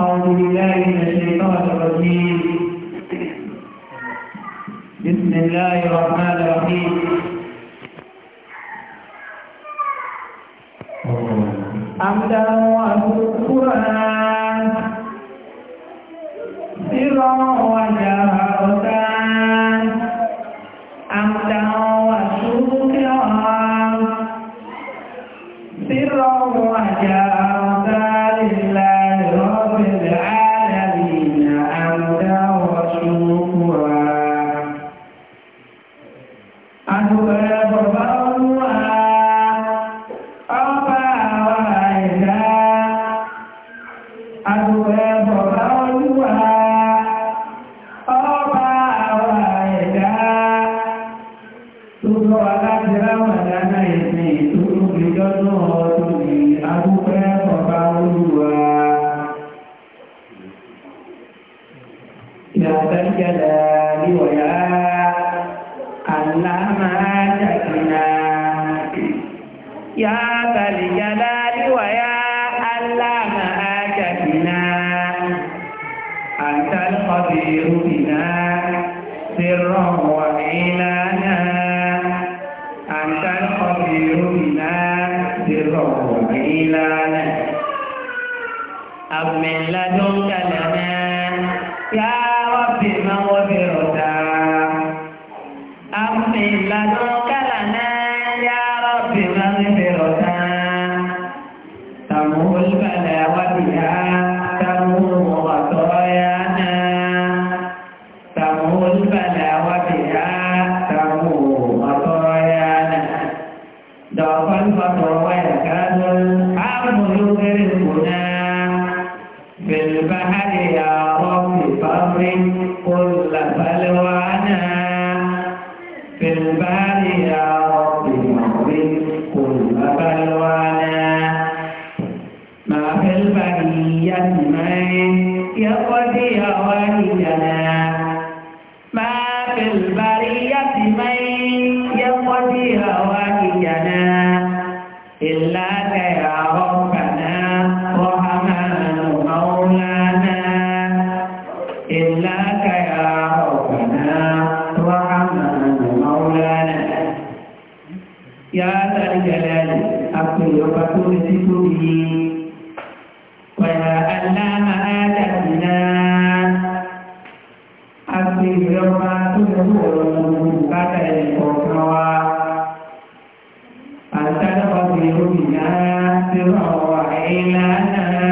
أعوذ بالله من الشيطان الرجيم بسم الله الرحمن الرحيم أم داموا القرآن سرا وجهرتا أم داموا الشكرا سرا àdúgbẹ́ bọ̀bá olúwa ọba àwọn ẹ̀dá tó lọ aláti ráwọn dáná ìsìn ìtúrú ìjọ́nà ọdún ní àdúgbẹ́ bọ̀bá olúwa ìyàtẹ́jẹ̀dà níwọ̀yá àlámà jàkínà yá tàlìjàdá رب العالمين أب من لدنك لنا يا رب مولى في البحر يا رب فرق كل بلوانا في البحر يا رب فرق كل بلوانا ما في البرية من يقضي وهينا ما في البرية من يقضي وهينا إلا yàrá ìjàlá yìí àpèrè ọba tó lè tí tó bí i pẹ̀lá aláàmà ájàdìlá àpèrè ọba tó lè mú ọ̀rọ̀ gbogbo bàtà ẹ̀kọ́ kan wá àtàlọ́wọ́ fi náà tí wọ́n wà ẹ̀yìnlá náà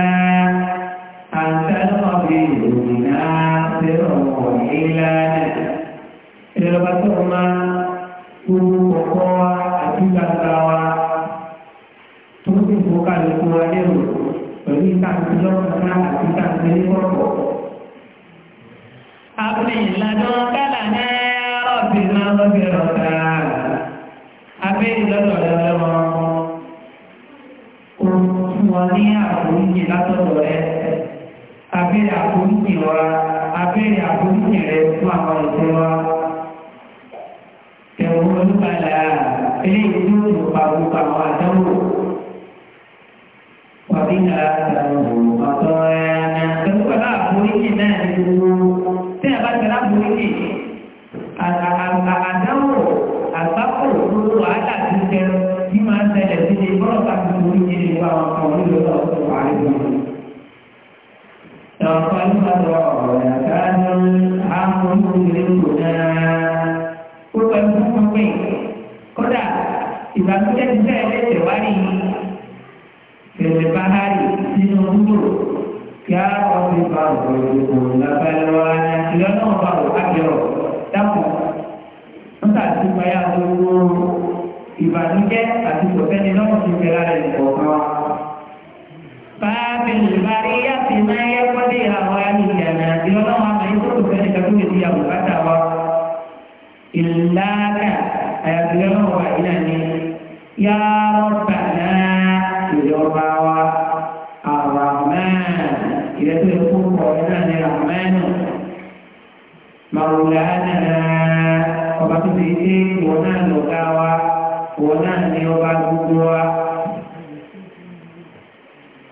àtàlọ́wọ́ fi omi náà tí wọ́n wà ẹ̀yìnlá náà tó ọkọ wa àti gbàgbà wa tó ti fò kalẹ̀ fún wa lẹ́rù pẹ̀lú ìtàkùn lọ́kọ̀ọ́ká àti ìtàkùn lẹ́kọ̀ọ́. Àbúrò ìlànà kálà ní ọ̀bì náà lọ́bì ọ̀tá. Abẹ́ ìlọ́dọ̀ lọ́wọ́ wọn. Ó fún wọn ní àforíjì látọ̀dọ̀ rẹ̀. Abẹ́ àforíjì rẹ̀ fún àwọn nípa àwọn àdánwò wàbí àdánwò ọ̀tọ̀ ẹ̀ẹ́nà pẹ̀lú pẹ̀lú àforíjì náà ní gbogbo tí a bá tẹ̀lé àforíjì àdánwò àgbákò gbogbo wàhálà ti tẹ̀lé bí máa ń tẹ̀lé sí ní bọ́lọ̀ bá ti forí jì nípa àwọn kan onílò lọ́wọ́ tó wà á lè wọ́n. Ìjọba ìgbàlọ́ ọ̀rọ̀ ẹ̀ká ìbànújẹ́ ti bẹ́ẹ̀ lẹ́sẹ̀ wá ní fèrè báhárì nínú gbúdò kí á wọ́n ti bá òkò ìdìbò lábẹ́lẹ́ wá ní àtìlẹ́ náà bá òkò àjọ dákùn nígbà tí wọ́n yá gbogbo ìbànújẹ́ àti ìfọ̀fẹ́ni náà ti fẹ́ra rẹ̀ kọ̀ọ̀kan. Báàbí ìbárí yàtì máa yẹ kọ́dé àwọn ayélujára àti ọlọ́run àmọ́ ìkókò fẹ́ni kàtó lè di àbùkátà wa. Ìlànà àyàfi ọlọ́run wa ìlànà Ya rọ́bàná ìjọba wa àràmán ìrẹ́tọ́ ikú ọ̀rẹ́ náà ní ràmánù màwùlánà ọba tó ti ṣe ìwọ̀n náà lọ́gá wa ìwọ̀n náà ní ọba wa.